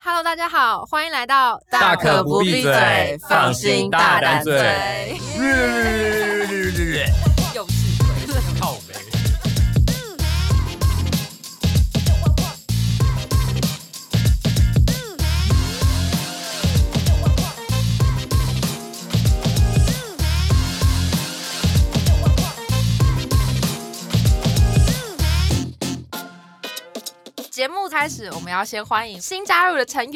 Hello，大家好，歡迎來到 Duck 不閉嘴，閉嘴放心大膽嘴。 開始，我們要先歡迎新加入的成員，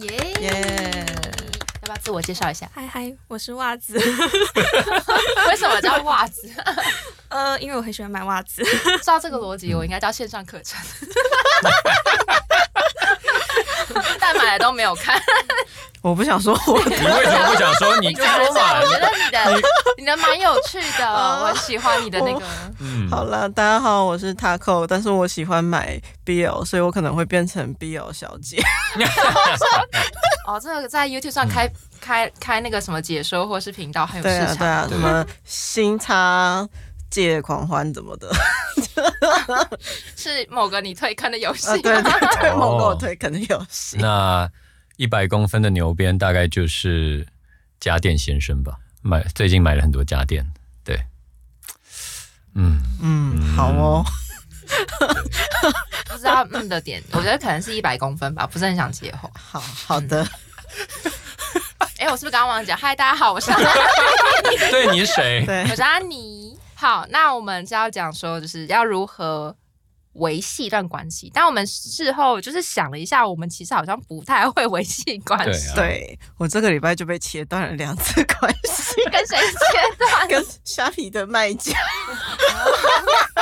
耶、yeah！Yeah 要不要自我介紹一下？嗨嗨，我是襪子。 為什麼叫襪子？ 呃，因為我很喜歡買襪子。照 這個邏輯，我應該叫線上課程。 但買的都沒有看，我不想說。你為什麼不想說？你就說嘛，我覺得你的你的蠻有趣的，我很喜歡你的那個。嗯，好了，大家好，我是 Taco，但是我喜歡買 BL，所以我可能會變成 BL 小姐。哦，這個在 YouTube 上開開開那個什麼解說或是頻道，還有市場什麼新倉。節日狂歡怎麼的？ 是某個你推坑的遊戲？啊啊？對，對，對某個我推坑的遊戲。哦、那一百公分的牛鞭大概就是家電先生吧？買最近買了很多家電，對，嗯嗯，嗯好哦。對 不知道嗯的點，我覺得可能是一百公分吧，不是很想接話。 好好的，哎、嗯欸，我是不是剛剛忘記了講？ 嗨，大家好，我是對，你是誰？對我是安妮。好，那我們就要講說，就是要如何維繫一段關係。但我們事後就是想了一下，我們其實好像不太會維繫關係。對啊。對，我這個禮拜就被切斷了兩次關係。跟誰切斷？ 跟蝦皮的賣家。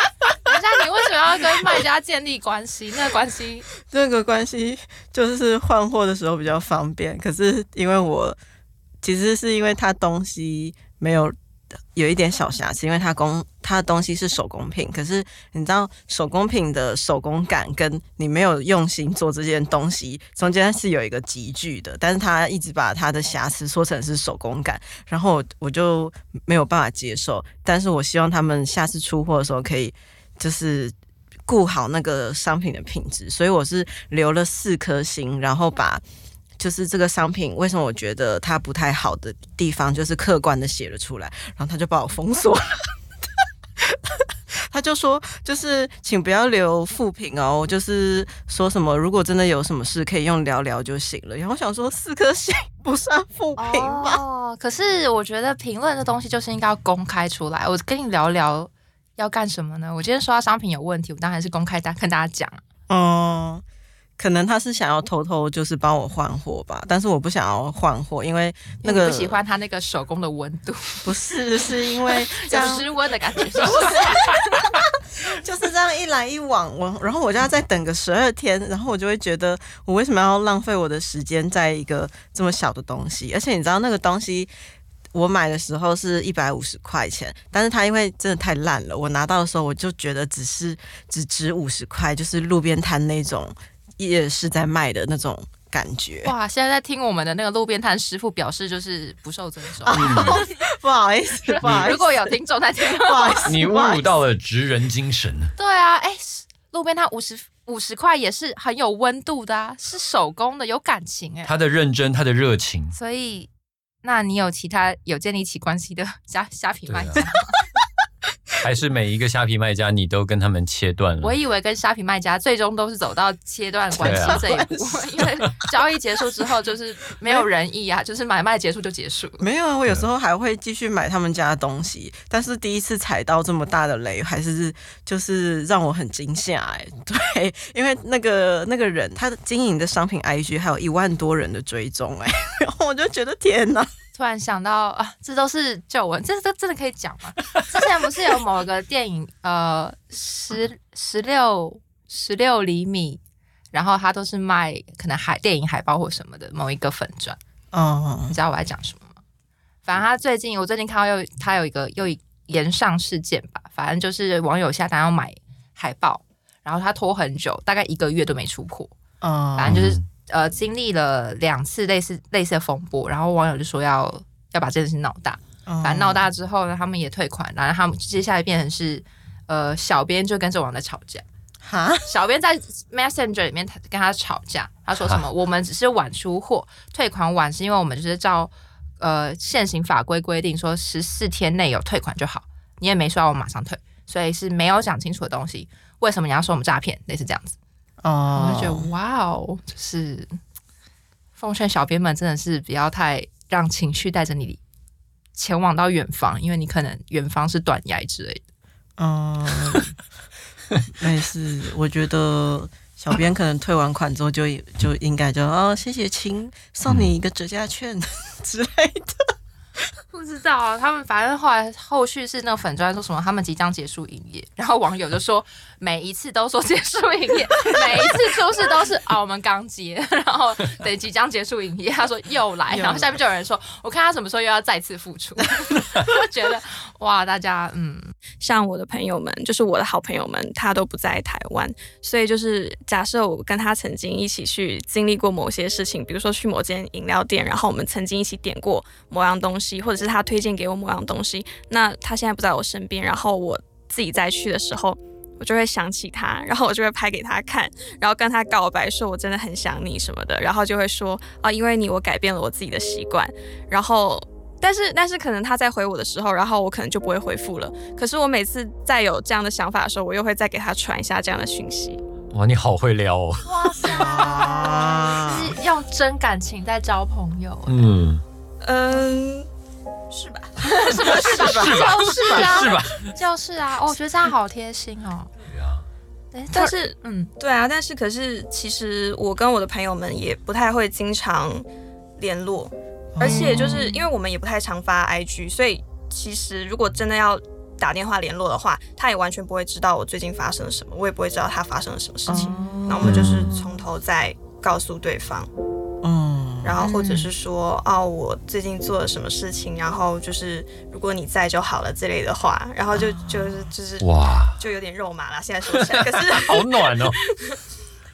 等一下，你為什麼要跟賣家建立關係？那個關係，那個關係就是換貨的時候比較方便。可是因為我其實是因為他東西沒有。有一點小瑕疵，因為它工它的東西是手工品，可是你知道手工品的手工感跟你沒有用心做這件東西中間是有一個級距的，但是它一直把它的瑕疵說成是手工感，然後我就沒有辦法接受。但是我希望他們下次出貨的時候可以就是顧好那個商品的品質，所以我是留了四顆星，然後把。就是這個商品為什麼我覺得它不太好的地方，就是客觀的寫了出來，然後他就把我封鎖了。 他他就說，就是請不要留負評哦，就是說什麼如果真的有什麼事，可以用聊聊就行了。然後我想說，四顆星不算負評嗎？哦，可是我覺得評論的東西就是應該要公開出來。我跟你聊聊要幹什麼呢？我今天說到商品有問題，我當然是公開地跟大家講哦。嗯。可能他是想要偷偷就是幫我換貨吧，但是我不想要換貨，因為那個不喜歡他那個手工的溫度，呃，不是，是因為這樣失溫 的感覺，就是這樣一來一往，我然後我就要再等個十二天，然後我就會覺得我為什麼要浪費我的時間在一個這麼小的東西，而且你知道那個東西我買的時候是一百五十塊錢，但是他因為真的太爛了，我拿到的時候我就覺得只是只值五十塊，就是路邊攤那種。也是在賣的那種感覺哇！現在在聽我們的那個路邊攤師傅表示，就是不受尊重。不好意思，不好意思，如果有聽眾在聽，不好意思。你侮辱到了職人精神。對啊，哎、欸，路邊攤五十五十塊也是很有溫度的，啊，是手工的，有感情哎、欸，他的認真，他的熱情。所以，那你有其他有建立起關係的蝦蝦皮賣家？ 還是每一個蝦皮賣家，你都跟他們切斷了？我以為跟蝦皮賣家最終都是走到切斷關係這一步，啊、因為交易結束之後就是沒有仁義啊，有就是買賣結束就結束。沒有啊，我有時候還會繼續買他們家的東西，但是第一次踩到這麼大的雷，還是就是讓我很驚嚇哎。對，因為那個那個人他經營的商品 IG 還有一萬多人的追蹤哎、欸，我就覺得天吶、啊突然想到啊，這都是舊聞，這這真的可以講嗎？之前不是有某個電影， 呃，十十六十六厘米，然後它都是賣可能海電影海報或什麼的某一個粉專，嗯、uh，huh. 你知道我在講什麼嗎？反正他最近，我最近看到又他有一個又一炎上事件吧，反正就是網友下單要買海報，然後他拖很久，大概一個月都沒出貨，嗯、uh，huh. 反正就是。呃，經歷了兩次類似類似的風波，然後網友就說要要把這件事鬧大，oh. 反正鬧大之後呢，他們也退款，然後他們接下來變成是呃，小編就跟着網友在吵架，哈，Huh? 小編在 messenger 裡面跟他吵架，他說什麼，Huh? 我們只是晚出貨，退款晚是因為我們就是照呃現行法規規定說十四天內有退款就好，你也沒說要我馬上退，所以是沒有講清楚的東西，為什麼你要說我們詐騙？類似這樣子。哦，oh. 我就覺得哇哦，wow, 就是奉勸小編們，真的是不要太讓情緒帶着你前往到遠方，因為你可能遠方是斷崖之類的。嗯、uh, 哎，沒事，我覺得小編可能退完款之後就就應該就哦，謝謝親，請送你一個折價券、嗯、之類的。不知道啊，他們反正後來後續是那個粉專說什麼他們即將結束營業，然後網友就說每一次都說結束營業，每一次出事都是啊、 哦、我們剛接，然後對即將結束營業，他說又來，然後下面就有人說我看他什麼時候又要再次復出， 覺得哇大家，嗯，像我的朋友們，就是我的好朋友們，他都不在台灣，所以就是假設我跟他曾經一起去經歷過某些事情，比如說去某間飲料店，然後我們曾經一起點過某樣東西。或者是他推薦給我某樣東西，那他現在不在我身邊，然後我自己再去的時候，我就會想起他，然後我就會拍給他看，然後跟他告白說我真的很想你什麼的，然後就會說啊，因為你我改變了我自己的習慣，然後但是但是可能他在回我的時候，然後我可能就不會回復了。可是我每次再有這樣的想法的時候，我又會再給他傳一下這樣的訊息。哇，你好會撩哦！哇塞， 啊，用真感情在交朋友。嗯嗯。呃是吧？是吧？就是啊，是吧？就是啊，啊哦，我覺得這樣好貼心哦。啊欸嗯、對啊，但是，嗯，對啊，但是，可是，其實我跟我的朋友們也不太會經常聯絡，而且就是因為我們也不太常發 IG，所以其實如果真的要打電話聯絡的話，他也完全不會知道我最近發生了什麼，我也不會知道他發生了什麼事情。那、嗯、我們就是從頭再告訴對方。然後或者是說，哦，我最近做了什麼事情，然後就是如果你在就好了之類的話，然後就就，就是就是哇，就有點肉麻了。現在說起來，可是 好暖哦。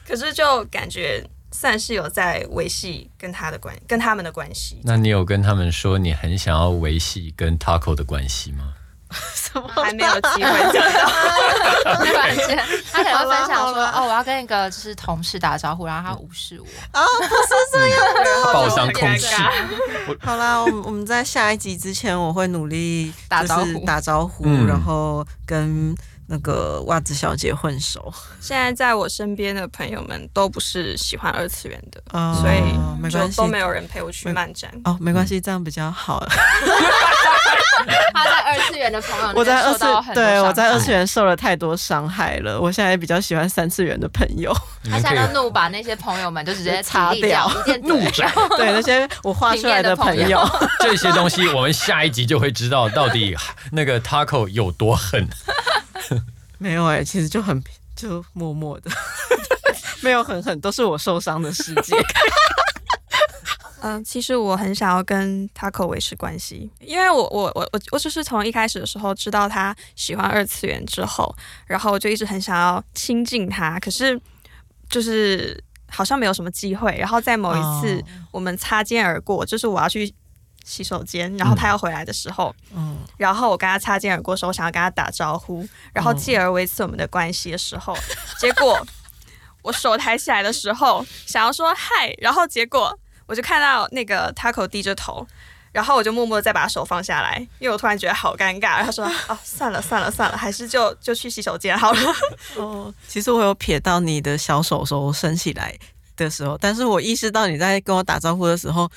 可是就感覺算是有在維繫跟他的關，跟他們的關係。那你有跟他們說你很想要維繫跟 Taco 的關係嗎？還沒有機會，沒有會、嗯、反、嗯、正、嗯嗯嗯、他可能會分享說：“哦，我要跟一個就是同事打招呼，然後他無視我，哦，不是這樣，的、嗯、爆上空氣、啊。”好啦，我們我們在下一集之前，我會努力打招呼，打招呼，嗯、然後跟。那個襪子小姐混熟。現在在我身邊的朋友們都不是喜歡二次元的，呃、所以沒關係。都沒有人陪我去漫展。哦，沒關係，嗯、這樣比較好。他 在二次元的朋友，我在二次很對，我在二次元受了太多傷害了。我現在也比較喜歡三次元的朋友。啊、他現在怒把那些朋友們就直接擦掉，怒掉著。對那些我畫出來的朋友，朋友 這些東西我們下一集就會知道到底那個 Taco 有多狠。沒有哎、欸，其實就很就默默的， 沒有狠狠，都是我受傷的世界。嗯、 呃，其實我很想要跟 Taco 維持關係，因為我我我我我就是從一開始的時候知道他喜歡二次元之後，然後我就一直很想要親近他，可是就是好像沒有什麼機會。然後在某一次我們擦肩而過，哦、就是我要去。洗手間，然後他要回來的時候，嗯，嗯、然後我跟他擦肩而過時候，說我想要跟他打招呼，然後繼而維持我們的關係的時候，嗯、結果 我手抬起來的時候想要說嗨，然後結果我就看到那個 Taco 低着頭，然後我就默默的再把手放下來，因為我突然覺得好尷尬，然後說、啊、哦，算了算了算了，還是就就去洗手間好了。哦，其實我有瞥到你的小手手伸起來的時候，但是我意識到你在跟我打招呼的時候。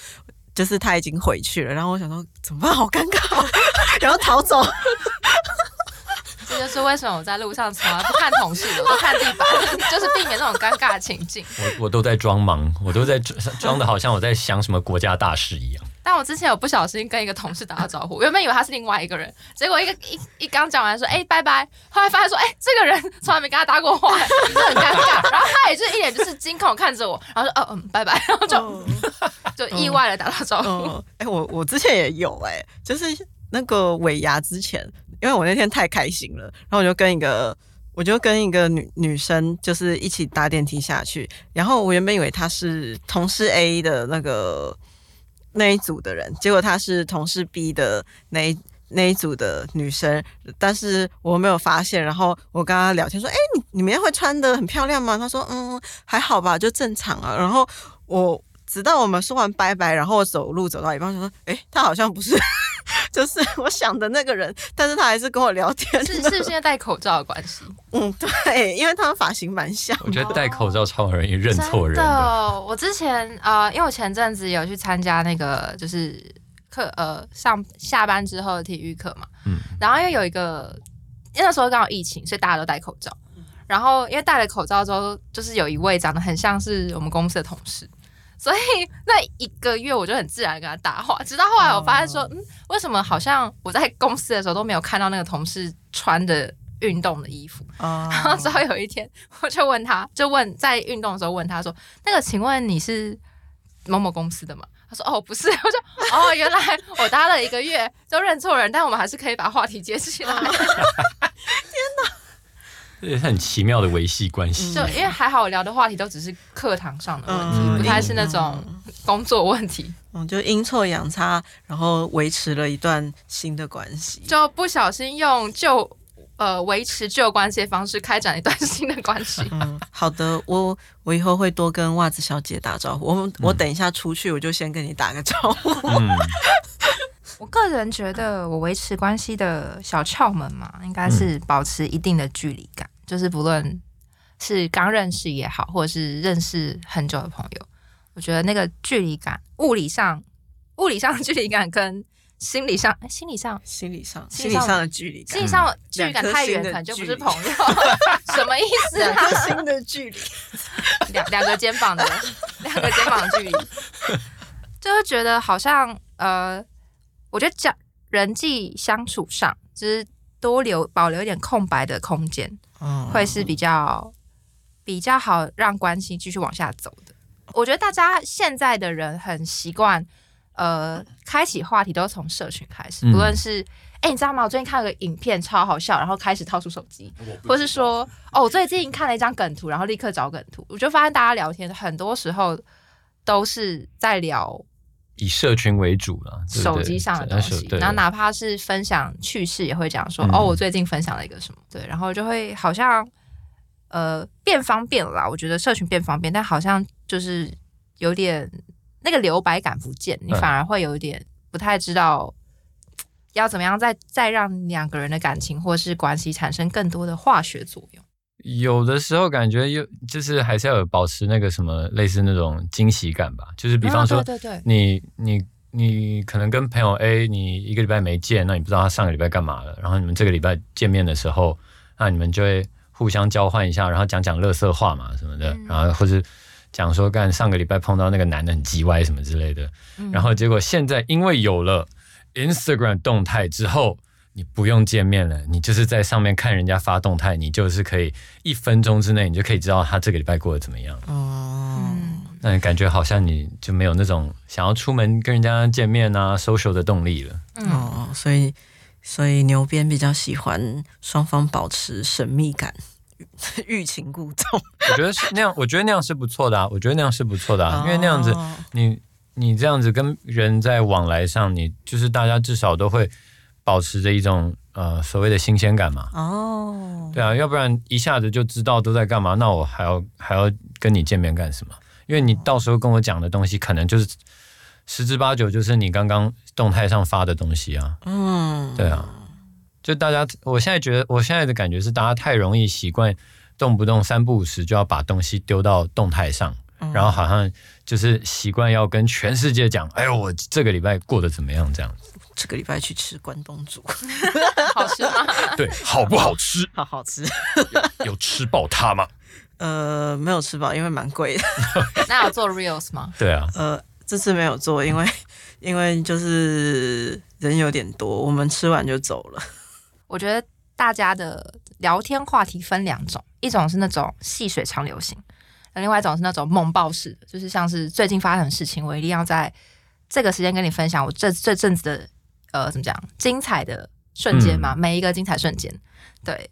就是他已經回去了，然後我想說怎麼辦？好尷尬， 然後逃走。 這就是為什麼我在路上從來不看同事的，我都看地板， 就是避免那種尷尬情境。我我都在裝忙，我都在裝裝的好像我在想什麼國家大事一樣。 但我之前有不小心跟一個同事打了招呼，我原本以為他是另外一個人，結果一個一一剛講完說哎、欸、拜拜，後來發現說哎、欸、這個人從來沒跟他搭過話，就很尷尬。 然後他也就是一臉就是驚恐看着我，然後說，嗯，拜拜，然後就，嗯、就意外的打打招呼。哎、嗯嗯、欸，我我之前也有哎、欸，就是那個尾牙之前，因為我那天太開心了，然後我就跟一個我就跟一個女女生就是一起搭電梯下去，然後我原本以為她是同事 A 的那個。那一組的人，結果她是同事 B 的那一那一組的女生，但是我沒有發現。然後我跟她聊天說：“哎、欸，你你們要會穿的很漂亮嗎？”她說：“嗯，還好吧，就正常啊。”然後我直到我們說完拜拜，然後我走路走到一半，說：“哎、欸，她好像不是。 ”就是我想的那個人，但是他還是跟我聊天是。是是現在戴口罩的關係？嗯，對，因為他們髮型蠻像。我覺得戴口罩超容易認錯人。對、oh,，真的，我之前呃，因為我前陣子有去參加那個就是課呃上下班之後的體育課嘛，嗯，然後又有一個，因為那時候剛好疫情，所以大家都戴口罩。然後因為戴了口罩之後，就是有一位長得很像是我們公司的同事。所以那一個月我就很自然跟他搭話，直到後來我發現說，Oh. 嗯，為什麼好像我在公司的時候都沒有看到那個同事穿的運動的衣服？Oh. 然後直到有一天，我就問他，就問在運動的時候問他說，那個，請問你是某某公司的嗎？他說哦，不是。我說哦，原來我搭了一個月，就認錯人， 但我們還是可以把話題接起來。 天哪！這也是很奇妙的維繫關係、嗯，就因為還好我聊的話題都只是課堂上的問題，嗯、不太是那種工作問題。嗯，就陰錯陽差，然後維持了一段新的關係，就不小心用舊呃維持舊關係的方式開展一段新的關係。嗯，好的，我我以後會多跟襪子小姐打招呼。我、嗯、我等一下出去，我就先跟你打個招呼。嗯、 我個人覺得，我維持關係的小竅門嘛，應該是保持一定的距離感。就是不論是剛認識也好，或者是認識很久的朋友，我覺得那個距離感，物理上物理上的距離感跟心理上，哎，心理上心理上心理上，心理上的距離，心理上距離感、嗯、距離感太遠，可能就不是朋友。 什麼意思啊？兩個心的距離， 兩兩個肩膀的 兩個肩膀距離，就會覺得好像呃，我覺得講人際相處上，就是多留保留一點空白的空間。會是比較比較好讓關係繼續往下走的。我覺得大家現在的人很習慣，呃，開啟話題都從社群開始，不論是，誒，嗯，欸，你知道嗎？我最近看了個影片超好笑，然後開始掏出手機，或是說哦，我最近看了一張梗圖，然後立刻找梗圖。我就發現大家聊天很多時候都是在聊。以社群為主了，對對，手機上的東西，對然後哪怕是分享趣事，也會講說對對對哦，我最近分享了一個什麼，嗯、對，然後就會好像呃變方便了啦。我覺得社群變方便，但好像就是有點那個留白感不見，嗯、你反而會有點不太知道要怎麼樣再再讓兩個人的感情或是關係產生更多的化學作用。有的時候感覺又就是還是要有保持那個什麼類似那種驚喜感吧，就是比方說，哦，對對對，你你你可能跟朋友 A，哎，你一個禮拜沒見，那你不知道他上個禮拜幹嘛了。然後你們這個禮拜見面的時候，那你們就會互相交換一下，然後講講垃圾話嘛什麼的，嗯，然後或者講說幹，上個禮拜碰到那個男的很雞歪什麼之類的。嗯，然後結果現在因為有了 Instagram 動態之後，你不用見面了，你就是在上面看人家發動態，你就是可以一分鐘之內，你就可以知道他這個禮拜過得怎麼樣。哦，oh. 那你感覺好像你就沒有那種想要出門跟人家見面啊，social 的動力了。哦，oh, 所以，所以牛鞭比較喜歡雙方保持神秘感， 欲擒故縱。 我覺得是那樣，我覺得那樣是不錯的啊，我覺得那樣是不錯的啊，因為那樣子，oh. 你你這樣子跟人在往來上，你就是大家至少都會。保持着一種呃所謂的新鮮感嘛？哦，oh. 對啊，要不然一下子就知道都在幹嘛，那我還要還要跟你見面幹什麼？因為你到時候跟我講的東西，可能就是十之八九就是你剛剛動態上發的東西啊。嗯，oh. 對啊，就大家，我現在覺得，我現在的感覺是，大家太容易習慣，動不動三不五時就要把東西丟到動態上，oh. 然後好像就是習慣要跟全世界講，oh. 哎呦，我這個禮拜過得怎麼樣這樣這個禮拜去吃關東煮， 好吃嗎？對，好不好吃？好好，好吃， 有吃爆它嗎？呃，沒有吃飽，因為蠻貴的。 那有做 reels 嗎？對啊，呃，這次沒有做，因為因為就是人有點多，嗯、我們吃完就走了。我覺得大家的聊天話題分兩種，一種是那種細水長流型，另外一種是那種猛爆式，就是像是最近發生的事情，我一定要在這個時間跟你分享。我這這陣子的。呃，怎麼講？精彩的瞬間嘛，嗯、每一個精彩瞬間。對，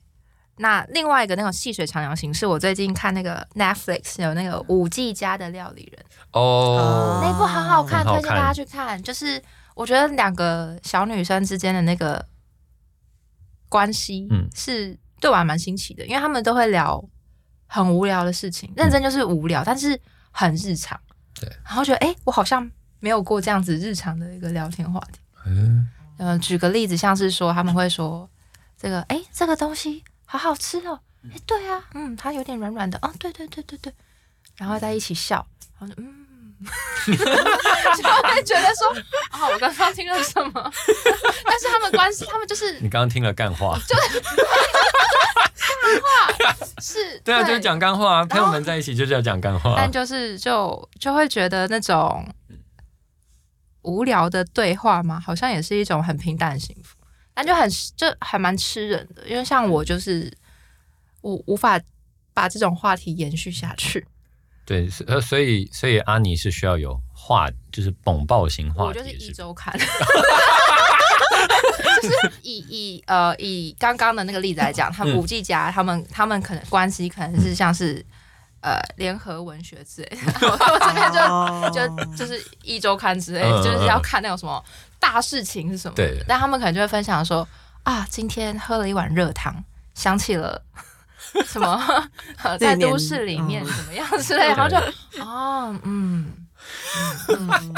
那另外一個那種細水長流形式，我最近看那個 Netflix 有那個舞伎家的料理人哦，哦那一部好好看，推薦大家去看。看就是我覺得兩個小女生之間的那個關係，嗯，是對我還蠻新奇的，嗯、因為他們都會聊很無聊的事情，嗯、認真就是無聊，但是很日常。對，然後覺得哎，我好像沒有過這樣子日常的一個聊天話題。嗯，舉個例子，像是說他們會說這個，哎、欸，這個東西好好吃哦、喔，哎、欸，對啊，嗯，它有點軟軟的，哦、啊，對對對對對，然後在一起笑，然後就嗯， 就會覺得說，啊、哦，我剛剛聽了什麼？ 但是他們關係，他們就是你剛剛聽了幹話，就， 就是幹話是，對啊，對就是講幹話、啊，朋友後們在一起就是要講幹話、啊，但就是就就會覺得那種。無聊的對話嘛，好像也是一種很平淡的幸福，但就很就還蠻吃人的，因為像我就是我無法把這種話題延續下去。對，所以所以阿妮是需要有話，就是 b o 型話題，我就是壹週刊。 就是以以呃以剛剛的那個例子來講，他五 G 家他們他們可能關係可能是像是，嗯嗯呃，聯合文學之類，我這邊就、oh、就就是一周刊之類，oh、就是要看那種什麼大事情是什麼。對。Uh, uh, uh, uh. 但他們可能就會分享說啊，今天喝了一碗熱湯，想起了什麼 年、啊，在都市裡面怎麼樣之類，嗯、然後就啊對、哦，嗯，嗯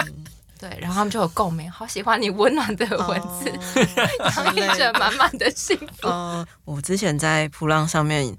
對，然後他們就有共鳴，好喜歡你溫暖的文字，洋溢着滿滿的幸福。Uh, 我之前在鋪浪上面。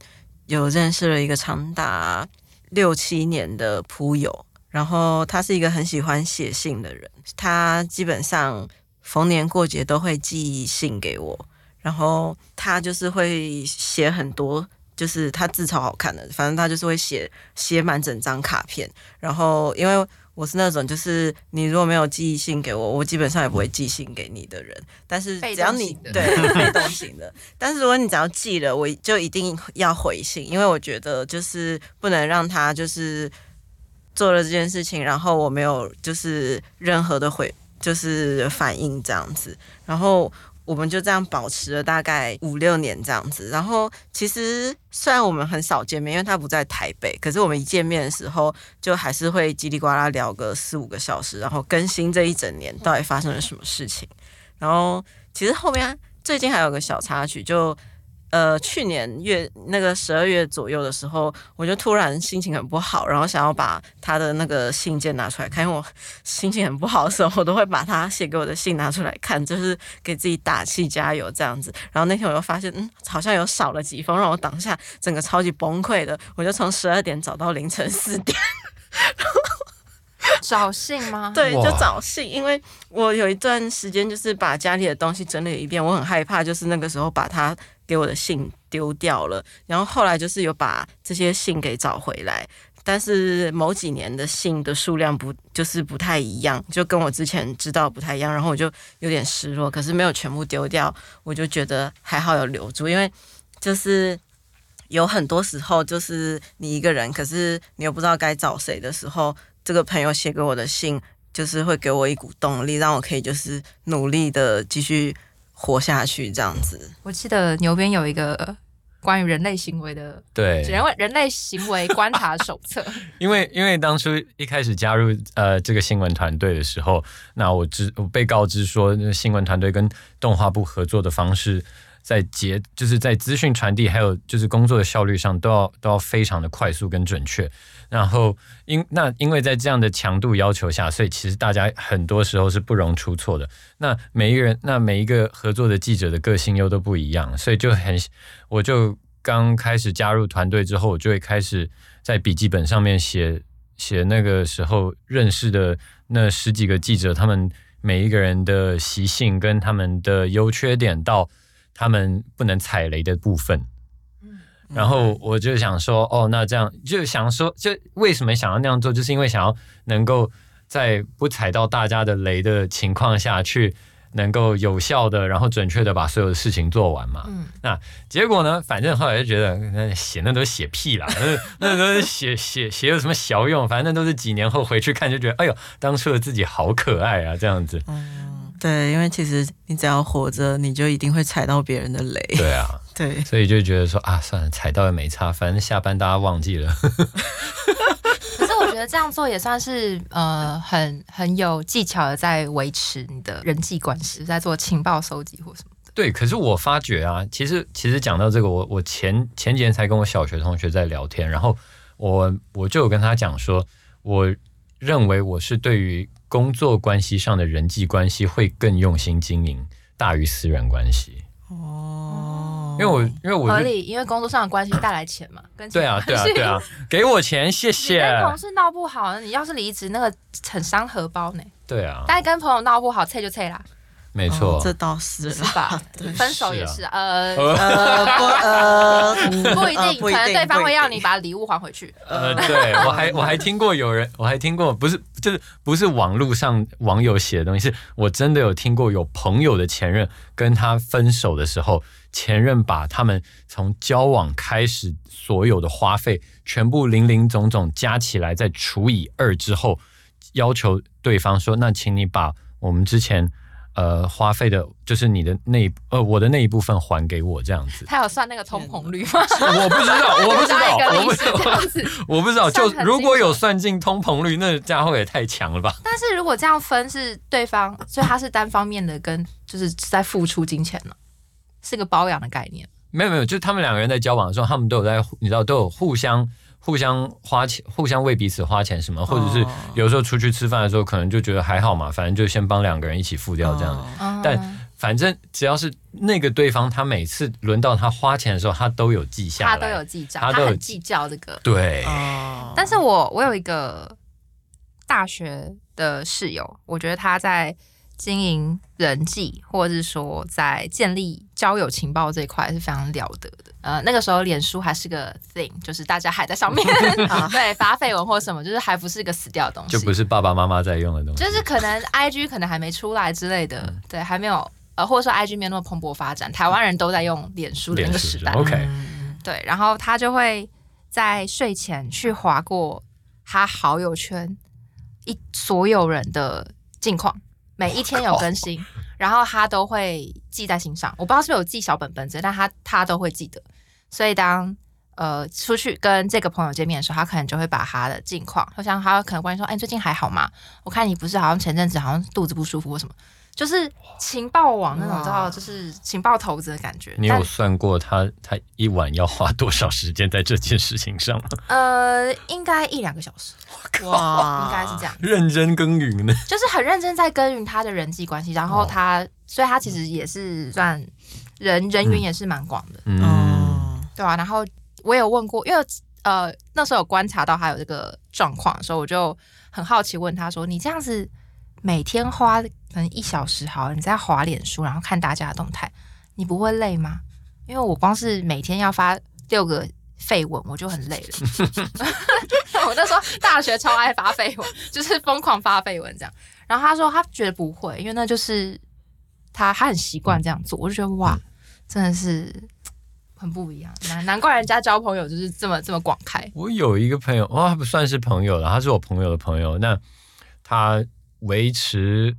有認識了一個長達六七年的鋪友，然後他是一個很喜歡寫信的人，他基本上逢年過節都會寄信給我，然後他就是會寫很多，就是他字超好看的，反正他就是會寫寫滿整張卡片，然後因為。我是那種就是你如果沒有寄信給我，我基本上也不會寄信給你的人。但是只要你對被動型的、的 但是如果你只要寄了，我就一定要回信，因為我覺得就是不能讓他就是做了這件事情，然後我沒有就是任何的回就是反應這樣子，然後。我們就這樣保持了大概五六年這樣子，然後其實雖然我們很少見面，因為他不在台北，可是我們一見面的時候，就還是會嘰里呱啦聊個四五個小時，然後更新這一整年到底發生了什麼事情。然後其實後面，啊，最近還有個小插曲，就。呃，去年月那個十二月左右的時候，我就突然心情很不好，然後想要把他的那個信件拿出來看。因為我心情很不好的時候，我都會把他寫給我的信拿出來看，就是給自己打氣加油這樣子。然後那天我又發現，嗯，好像有少了幾封，讓我當下整個超級崩潰的。我就從十二點找到凌晨四點。然後找信嗎？對，就找信。因為我有一段時間就是把家裡的東西整理一遍，我很害怕，就是那個時候把他給我的信丟掉了。然後後來就是有把這些信給找回來，但是某幾年的信的數量不就是不太一樣，就跟我之前知道不太一樣。然後我就有點失落，可是沒有全部丟掉，我就覺得還好有留住。因為就是有很多時候就是你一個人，可是你又不知道該找誰的時候。這個朋友寫給我的信，就是會給我一股動力，讓我可以就是努力的繼續活下去這樣子。我記得牛編有一個關於人類行為的對，人類行為觀察手冊。 因為因為當初一開始加入呃這個新聞團隊的時候，那我知我被告知說新聞團隊跟動畫部合作的方式。在節就是在資訊傳遞，還有就是工作的效率上，都要都要非常的快速跟準確。然後因那因為在這樣的強度要求下，所以其實大家很多時候是不容出錯的。那每一個人，那每一個合作的記者的個性又都不一樣，所以就很，我就剛開始加入團隊之後，我就會開始在筆記本上面寫寫那個時候認識的那十幾個記者，他們每一個人的習性跟他們的優缺點到。他們不能踩雷的部分，然後我就想說，哦，那這樣就想說，就為什麼想要那樣做，就是因為想要能夠在不踩到大家的雷的情況下去，能夠有效的，然後準確的把所有的事情做完嘛。嗯，那結果呢？反正後來就覺得，那寫那都是寫屁啦，那，那都是寫寫寫有什麼效用？反正都是幾年後回去看，就覺得，哎呦，當初的自己好可愛啊，這樣子。嗯。對，因為其實你只要活着，你就一定會踩到別人的雷。對啊，對，所以就覺得說啊，算了，踩到也沒差，反正下班大家忘記了。 可是我覺得這樣做也算是呃很很有技巧的，在維持你的人際關係，在做情報收集或什麼的。對，可是我發覺啊，其實其實講到這個，我我前前幾天才跟我小學同學在聊天，然後我我就有跟他講說，我認為我是對於。工作關係上的人際關係會更用心經營，大於私人關係哦。因為我，因為我合理，因為工作上的關係帶來錢嘛， 錢對啊，對啊，對啊， 給我錢，謝謝。跟同事鬧不好，你要是離職，那個很傷荷包呢。對啊，但跟朋友鬧不好，拆就拆啦。沒錯、哦，這倒是，是吧？分手也是，是啊、呃不呃不呃 不一定， 可能對方會要你把禮物還回去。對呃，對我還我還聽過有人，我還聽過不是就是不是網絡上網友寫的東西，是我真的有聽過有朋友的前任跟他分手的時候，前任把他們從交往開始所有的花費全部零零總總加起來再除以二之後，要求對方說：“那請你把我們之前。”呃，花費的，就是你的那一呃，我的那一部分還給我這樣子。他有算那個通膨率嗎？的 我不知道，我不知道， 我，我不知道，樣我不知道。就如果有算進通膨率，那家、個、伙也太強了吧。但是如果這樣分是對方，所以他是單方面的，跟就是在付出金錢了，是個包養的概念。沒有沒有，就他們兩個人在交往的時候，他們都有在，你知道都有互相。互相花錢，互相為彼此花錢什麼，或者是有時候出去吃飯的時候，oh. 可能就覺得還好嘛，反正就先幫兩個人一起付掉這樣子、oh. 但反正只要是那個對方，他每次輪到他花錢的時候，他都有記下來，他都有記賬，他都有計較這個。對，oh. 但是我我有一個大學的室友，我覺得他在經營人際，或者是說在建立交友情報這一塊是非常了得的。呃，那個時候臉書還是個 thing，就是大家還在上面啊、 嗯，對，發緋聞或什麼，就是還不是一個死掉的東西，就不是爸爸媽媽在用的東西，就是可能 I G 可能還沒出來之類的， 對，還沒有呃，或者說 I G 沒有那麼蓬勃發展，台灣人都在用臉書的一個時代，OK，臉書就是， 對，然後他就會在睡前去劃過他好友圈一所有人的近況。每一天有更新，oh, God。然後他都會記在心上。我不知道是不是有記小本本子，但他他都會記得。所以當呃出去跟這個朋友見面的時候，他可能就會把他的近況，好像他可能關心說：“哎，最近還好嗎？我看你不是好像前陣子好像肚子不舒服或什麼。”就是情報網那種，知道就是情報頭子的感覺。哇但你有算過他他一晚要花多少時間在這件事情上嗎？呃，應該一兩個小時。哇靠，應該是這樣。認真耕耘呢，就是很認真在耕耘他的人際關係。然後他，哦、所以他其實也是算人、嗯、人緣也是蠻廣的。嗯，嗯對吧、啊？然後我有問過，因為呃那時候有觀察到他有這個狀況，所以我就很好奇問他說：“你這樣子。”每天花可能一小時好，好你在滑臉書，然後看大家的動態，你不會累嗎？因為我光是每天要發六個廢文，我就很累了。 我就說大學超愛發廢文，就是瘋狂發廢文這樣。然後他說他覺得不會，因為那就是他他很習慣這樣做。嗯，我就覺得哇，真的是很不一樣，難難怪人家交朋友就是這麼這麼廣開。我有一個朋友，哦，他不算是朋友了，他是我朋友的朋友，那他。維持，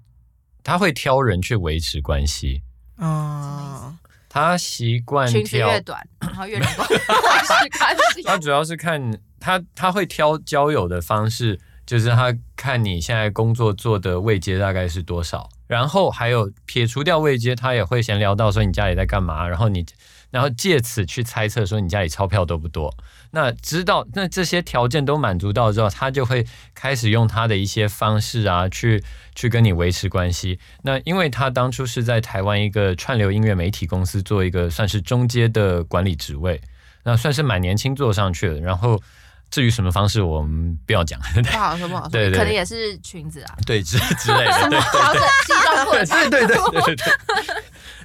他會挑人去維持關係。啊，他習慣挑，越短然後越 他主要是看他，他會挑交友的方式，就是他看你現在工作做的，位階大概是多少，然後還有撇除掉位階，他也會閒聊到說你家裡在幹嘛，然後你，然後借此去猜測說你家裡鈔票多不多。那知道，那這些條件都滿足到之後，他就會開始用他的一些方式啊，去去跟你維持關係。那因為他當初是在台灣一個串流音樂媒體公司做一個算是中階的管理職位，那算是蠻年輕做上去的。然後至於什麼方式，我們不要講，不好說不好說，對，對，對，可能也是裙子啊，對，之之類的，什麼對什麼西裝褲，對對對對對，什麼，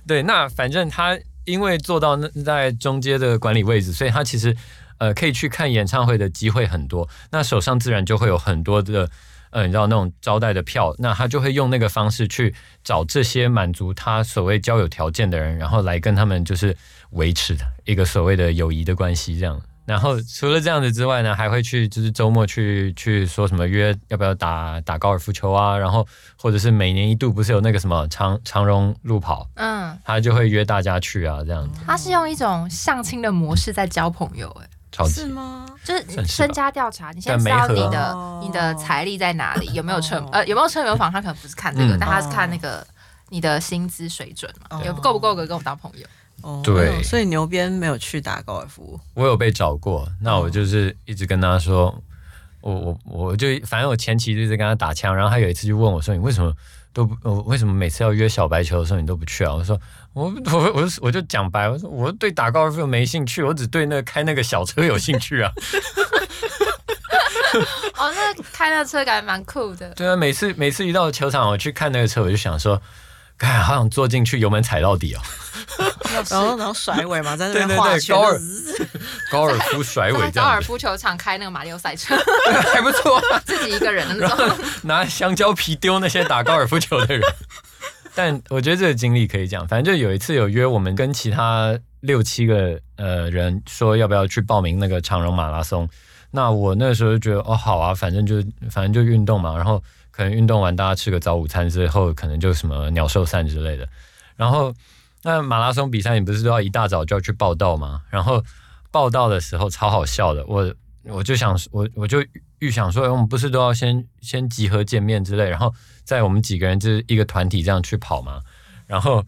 對，那反正他。因為做到那在中階的管理位置，所以他其實呃可以去看演唱會的機會很多，那手上自然就會有很多的呃你知道那種招待的票，那他就會用那個方式去找這些滿足他所謂交友條件的人，然後來跟他們就是維持一個所謂的友誼的關係這樣。然後除了這樣子之外呢，還會去就是周末去去說什麼約，要不要打打高爾夫球啊，然後或者是每年一度不是有那個什麼長長榮路跑，嗯，他就會約大家去啊這樣子。他是用一種相親的模式在交朋友，誒，超級是嗎？就是身家調查，你現在知道你的，啊，你的財力在哪裡，有沒有車，哦，呃有沒有車有沒有房，他可能不是看這個，嗯，但他是看那個，哦，你的薪資水準嘛，有，哦，夠不夠格跟我當朋友。Oh, 對、嗯，所以牛鞭沒有去打高爾夫。我有被找過，那我就是一直跟他說，嗯、我我我就反正我前期就一直跟他打槍，然後他有一次就問我說：“你為什麼都不？為什麼每次要約小白球的時候你都不去啊？”我說：“我我我我就講白，我說我對打高爾夫沒興趣，我只對那個開那個小車有興趣啊。”哦，那開那車感覺蠻酷的。對啊，每次每次一到球場，我去看那個車，我就想說。哎，好想坐進去，油門踩到底哦。 然後然後甩尾嘛，在那邊畫圈的對對對。高爾夫甩尾這樣，高爾夫球場開那個馬里奧賽車， 還不錯、啊。自己一個人，然後拿香蕉皮丟那些打高爾夫球的人。 但我覺得這個經歷可以講，反正就有一次有約我們跟其他六七個呃人說要不要去報名那個長榮馬拉松。那我那時候就覺得哦好啊，反正就反正就運動嘛，然後。可能運動完，大家吃個早午餐之後，可能就什麼鳥獸散之類的。然後，那馬拉松比賽，你不是都要一大早就要去報到嗎？然後報到的時候，超好笑的。我我就想，我我就預想說，我們不是都要先先集合見面之類，然後在我們幾個人就是一個團體這樣去跑嗎？然後。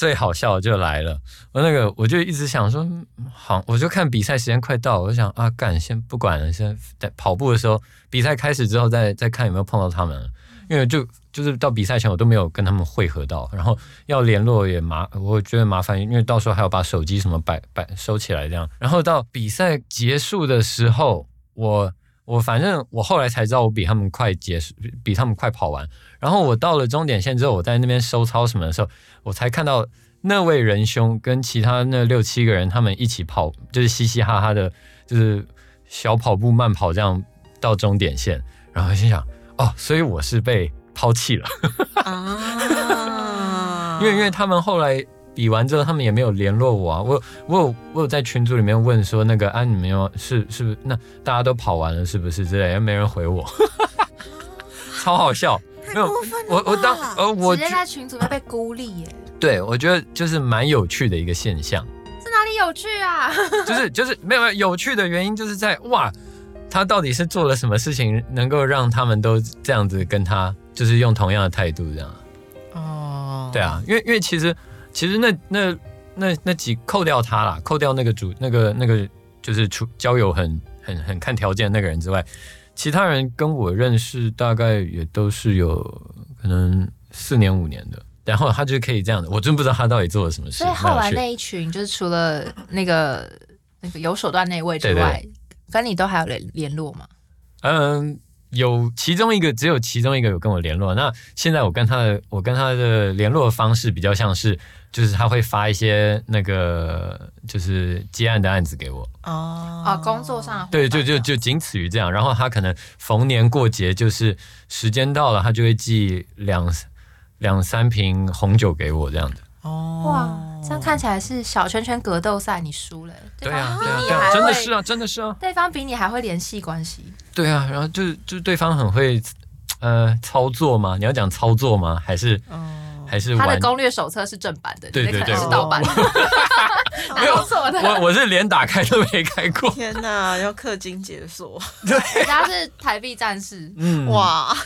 最好笑的就來了，我那個我就一直想說，好，我就看比賽時間快到，我就想啊，幹，先不管了，先在跑步的時候，比賽開始之後再再看有沒有碰到他們，因為就就是到比賽前我都沒有跟他們會合到，然後要聯絡也麻，我覺得麻煩，因為到時候還要把手機什麼擺擺收起來這樣，然後到比賽結束的時候我。我反正我後來才知道，我比他們快結束，比他們快跑完。然後我到了終點線之後，我在那邊收操什麼的時候，我才看到那位仁兄跟其他那六七個人，他們一起跑，就是嘻嘻哈哈的，就是小跑步、慢跑這樣到終點線。然後心想，哦，所以我是被拋棄了，因 為、啊、因為他們後來。比完之後，他們也沒有聯絡我啊！我我有我有在群組裡面問說，那個啊，你們要是是不是？那大家都跑完了，是不是？之類，也沒人回我， 超好笑，太過分了我我當呃，我直接在群組被，被孤立耶。對，我覺得就是蠻有趣的一個現象。是哪裡有趣啊？ 就是就是沒有沒有有趣的原因，就是在哇，他到底是做了什麼事情，能夠讓他們都這樣子跟他，就是用同樣的態度這樣？哦、嗯，對啊，因為因為其實。其實那那那那幾扣掉他啦。扣掉那個主那個那個就是除交友很很很看條件那個人之外，其他人跟我認識大概也都是有可能四年五年的。然後他就可以這樣的，我真不知道他到底做了什麼事。所以後來那一群就是除了那個那個有手段那位之外，對對跟你都還有聯聯絡嗎？嗯，有其中一個只有其中一個有跟我聯絡。那現在我跟他的我跟他的聯絡方式比較像是，就是他會發一些那個就是接案的案子給我哦，啊，工作上對，就就就僅此於這樣。然後他可能逢年過節，就是時間到了，他就會寄兩兩三瓶紅酒給我這樣子。哦，oh. 哇，這樣看起來是小圈圈格鬥賽，你輸了，啊。對啊，對啊，真的是啊，真的是啊，對方比你還會維繫關係。對啊，然後就是就是對方很會呃操作嗎？你要講操作嗎？還是嗯。Oh. 還是他的攻略手冊是正版的，對對對，對是，是盜版。沒有錯的，哦、我我是連打開都沒開過。天吶、啊，要氪金解鎖？對、啊，人家是台幣戰士，嗯，哇，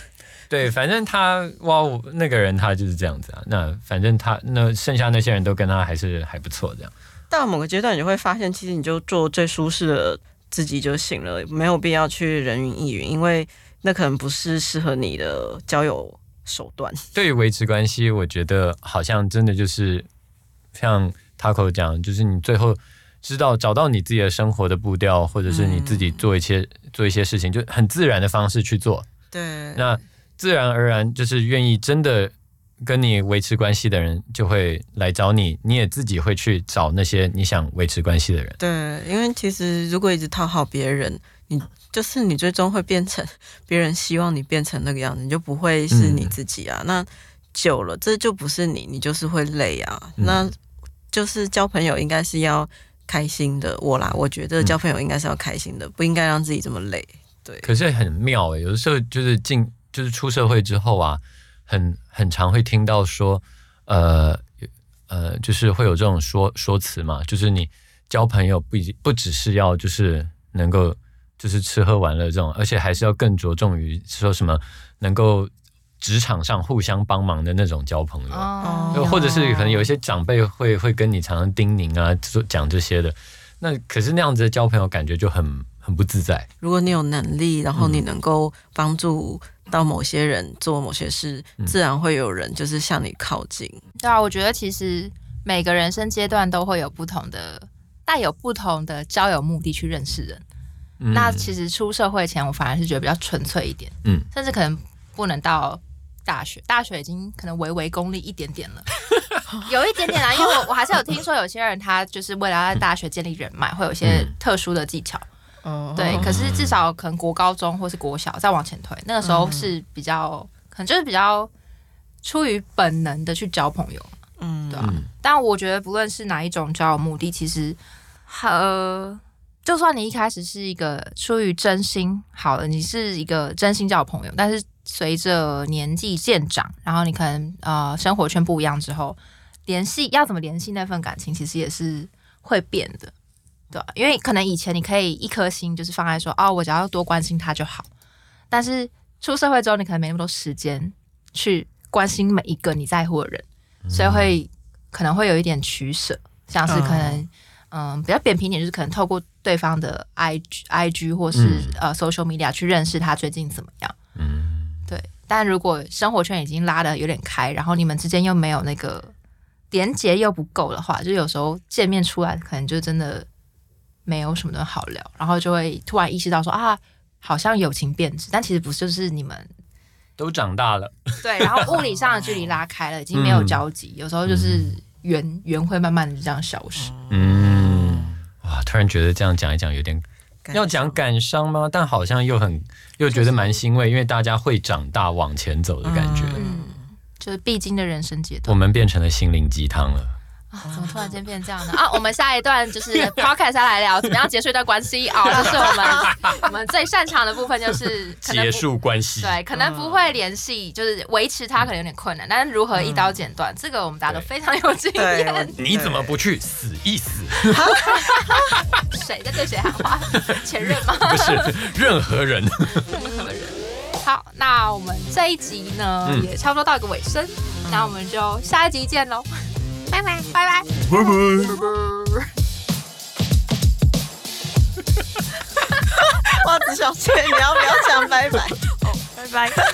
對，反正他哇，那個人他就是這樣子啊。那反正他那剩下那些人都跟他還是還不錯，這樣。到某個階段，你會發現，其實你就做最舒適的自己就行了，沒有必要去人云亦云，因為那可能不是適合你的交友。手段對於維持關係，我覺得好像真的就是像 Taco 講，就是你最後知道找到你自己的生活的步調，或者是你自己做一些、嗯、做一些事情，就很自然的方式去做。對，那自然而然就是願意真的跟你維持關係的人就會來找你，你也自己會去找那些你想維持關係的人。對，因為其實如果一直討好別人，你。就是你最終會變成別人希望你變成那個樣子，你就不會是你自己啊。嗯、那久了，這就不是你，你就是會累啊。嗯、那就是交朋友應該是要開心的，我啦，我覺得交朋友應該是要開心的，嗯、不應該讓自己這麼累。對，可是很妙誒、欸。有的時候就是進，就是出社會之後啊，很很常會聽到說，呃呃，就是會有這種說說辭嘛，就是你交朋友不不不只是要就是能夠。就是吃喝玩樂這種，而且還是要更着重於說什麼能夠職場上互相幫忙的那種交朋友，Oh, yeah. 或者是可能有一些長輩會會跟你常常叮嚀啊，說講這些的。那可是那樣子的交朋友感覺就很很不自在。如果你有能力，然後你能夠幫助到某些人做某些事，嗯、自然會有人就是向你靠近。對啊，我覺得其實每個人生階段都會有不同的帶有不同的交友目的去認識人。嗯、那其實出社會前，我反而是覺得比較純粹一點，嗯，甚至可能不能到大學，大學已經可能微微功利一點點了， 有一點點啦，因為我我還是有聽說有些人他就是為了要在大學建立人脈，嗯、會有一些特殊的技巧，嗯，對，哦、可是至少可能國高中或是國小再往前推，嗯、那個時候是比較，可能就是比較出於本能的去交朋友，嗯，對啊，嗯、但我覺得不論是哪一種交友目的，其實和，就算你一開始是一個出於真心好了，你是一個真心交朋友，但是隨着年紀漸長，然後你可能呃生活圈不一樣之後，聯繫要怎麼聯繫那份感情，其實也是會變的，對吧，因為可能以前你可以一顆心就是放在說哦，我只要多關心他就好，但是出社會之後，你可能沒那麼多時間去關心每一個你在乎的人，嗯、所以會可能會有一點取捨，像是可能、嗯。嗯，比較扁平點就是可能透過對方的 i g i g 或是，嗯、呃 social media 去認識他最近怎麼樣。嗯，對。但如果生活圈已經拉得有點開，然後你們之間又沒有那個連接又不夠的話，就有時候見面出來可能就真的沒有什麼好聊，然後就會突然意識到說啊，好像友情變質，但其實不是，就是你們都長大了。對，然後物理上的距離拉開了， 已經沒有交集，有時候就是緣緣、嗯、會慢慢的就這樣消失。嗯。嗯突然覺得這樣講一講有點，感傷，要講感傷嗎？但好像又很又覺得蠻欣慰，就是、因為大家會長大往前走的感覺，嗯、就是必經的人生階段。我們變成了心靈雞湯了。啊、怎麼突然間變這樣呢？啊，我們下一段就是 podcast 來聊怎麼樣結束一段關係哦、啊,就是我們我們最擅長的部分，就是結束關係。對，可能不會聯繫，嗯、就是維持它可能有點困難，但如何一刀剪斷，嗯、這個我們打得非常有經驗。你怎麼不去死一死？誰、啊、在對誰喊話？前任嗎？不是任何人。任何人？好，那我們這一集呢、嗯、也差不多到一個尾聲，嗯、那我們就下一集見嘍。拜拜拜拜拜拜！襪子小姐，你要不要講拜拜？拜拜。